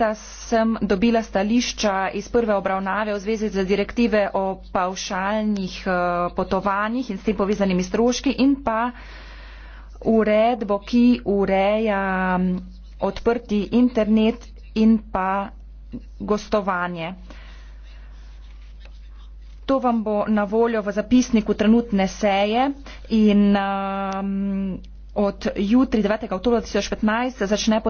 leta sem dobila stališča iz prve obravnave v zvezi z direktive o pavšalnih eh, potovanjih in s tem povezanimi stroški in pa uredbo, ki ureja mm, odprti internet in pa gostovanje. To vam bo na voljo v zapisniku trenutne seje in um, od jutri 9. oktobra 2015 začne